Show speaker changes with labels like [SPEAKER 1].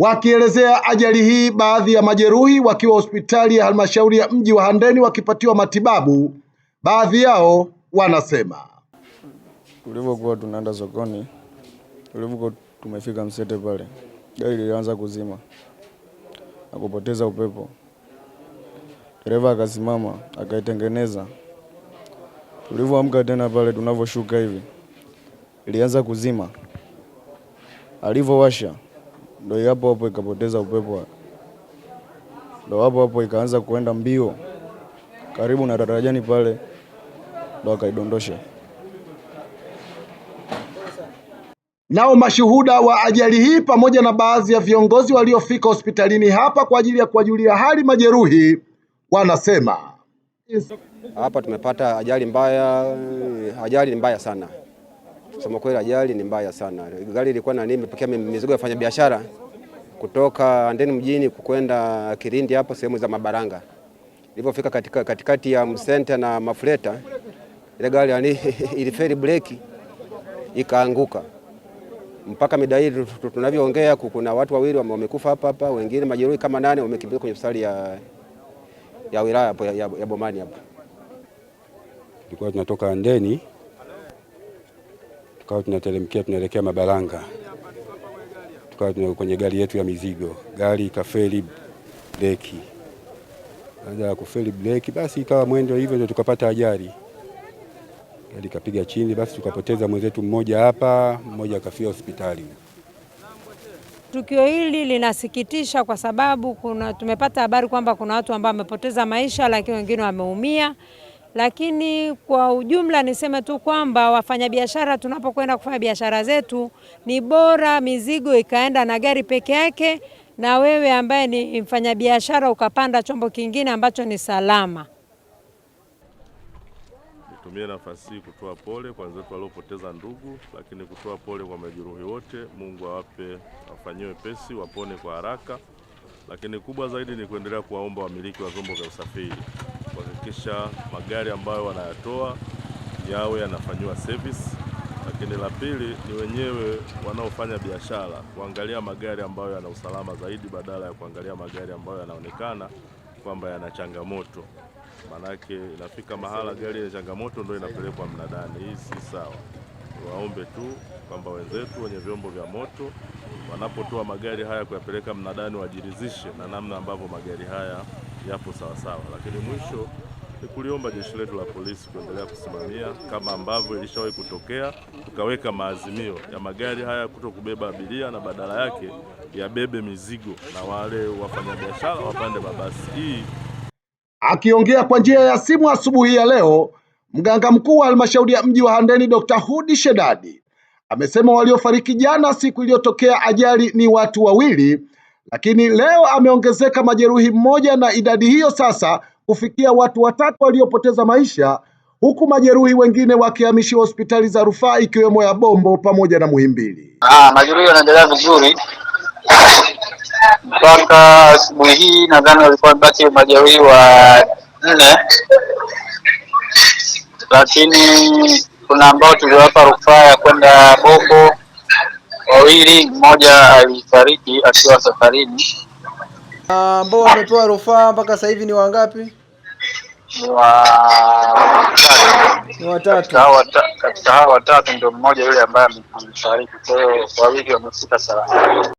[SPEAKER 1] Wakielezea ajali hii, baadhi ya majeruhi wakiwa hospitali ya halmashauri ya mji wa Handeni wakipatiwa matibabu. Baadhi yao wanasema
[SPEAKER 2] tulivyokuwa tunaenda sokoni, tulivyokuwa tumefika Msete pale, gari lilianza kuzima na kupoteza upepo. Dereva akasimama akaitengeneza. Tulivyoamka tena pale, tunavyoshuka hivi ilianza kuzima, alivyowasha ndo hapo hapo ikapoteza upepo, ndo hapo hapo ikaanza kuenda mbio karibu na darajani pale, ndo akaidondosha.
[SPEAKER 1] Nao mashuhuda wa ajali hii pamoja na baadhi ya viongozi waliofika hospitalini hapa kwa ajili ya kuwajulia hali majeruhi wanasema
[SPEAKER 3] hapa tumepata ajali mbaya, ajali mbaya sana. Kusema kweli, ajali ni mbaya sana. Gari ilikuwa na nini, imepakia mizigo ya biashara kutoka ndani mjini kukwenda kirindi hapo sehemu za Mabaranga. Ilipofika katika, katikati ya Msenta na Mafureta ile gari iliferi breki ikaanguka. Mpaka mida hii tunavyoongea kuna watu wawili wamekufa hapa hapa, wengine majeruhi kama nane wamekimbia kwenye hospitali ya, ya wilaya ya, ya, ya Bomani hapo.
[SPEAKER 4] Tulikuwa tunatoka Handeni tukawa tunateremkia tunaelekea Mabaranga, tukawa tuna kwenye gari yetu ya mizigo, gari ikafeli breki. Baada ya kufeli breki, basi ikawa mwendo hivyo, ndio tukapata ajali, gari ikapiga chini, basi tukapoteza mwenzetu mmoja hapa, mmoja akafia hospitali.
[SPEAKER 5] Tukio hili linasikitisha kwa sababu kuna tumepata habari kwamba kuna watu ambao wamepoteza maisha, lakini wengine wameumia. Lakini kwa ujumla niseme tu kwamba wafanyabiashara tunapokwenda kufanya biashara zetu, ni bora mizigo ikaenda na gari peke yake, na wewe ambaye ni mfanyabiashara ukapanda chombo kingine ambacho ni salama.
[SPEAKER 6] Nitumie nafasi hii kutoa pole kwa wenzetu waliopoteza ndugu, lakini kutoa pole kwa majeruhi wote. Mungu awape afanyiwe wepesi, wapone kwa haraka, lakini kubwa zaidi ni kuendelea kuwaomba wamiliki wa vyombo vya usafiri kuhakikisha magari ambayo wanayatoa yawe yanafanyiwa service, lakini la pili ni wenyewe wanaofanya biashara kuangalia magari ambayo yana usalama zaidi badala ya kuangalia magari ambayo yanaonekana kwamba yana changamoto. Maanake inafika mahala gari yenye changamoto ndio inapelekwa mnadani. Hii si sawa. Waombe tu kwamba wenzetu wenye vyombo vya moto wanapotoa magari haya kuyapeleka mnadani, wajiridhishe na namna ambavyo magari haya yapo sawasawa, lakini mwisho ni kuliomba jeshi letu la polisi kuendelea kusimamia kama ambavyo ilishawahi kutokea, tukaweka maazimio ya magari haya kuto kubeba abiria na badala yake yabebe mizigo na wale wafanyabiashara wapande mabasi. Hii
[SPEAKER 1] akiongea kwa njia ya simu asubuhi ya leo, mganga mkuu wa halmashauri ya mji wa Handeni Dr. Hudi Shedadi amesema waliofariki jana siku iliyotokea ajali ni watu wawili lakini leo ameongezeka majeruhi mmoja, na idadi hiyo sasa kufikia watu watatu waliopoteza maisha, huku majeruhi wengine wakihamishiwa hospitali za rufaa ikiwemo ya Bombo pamoja na Muhimbili.
[SPEAKER 7] Ah, majeruhi yanaendelea vizuri mpaka asubuhi hii nadhani walikuwa wamebaki majeruhi wa nne, lakini kuna ambao tuliwapa rufaa ya kwenda Bombo wawili, mmoja alifariki akiwa safarini.
[SPEAKER 8] Ah, ambao wametoa rufaa mpaka sasa hivi ni wangapi?
[SPEAKER 7] Ni watatu. Katika hawa watatu ndio mmoja yule ambaye amefariki, kwa hiyo wawili wamefika salama.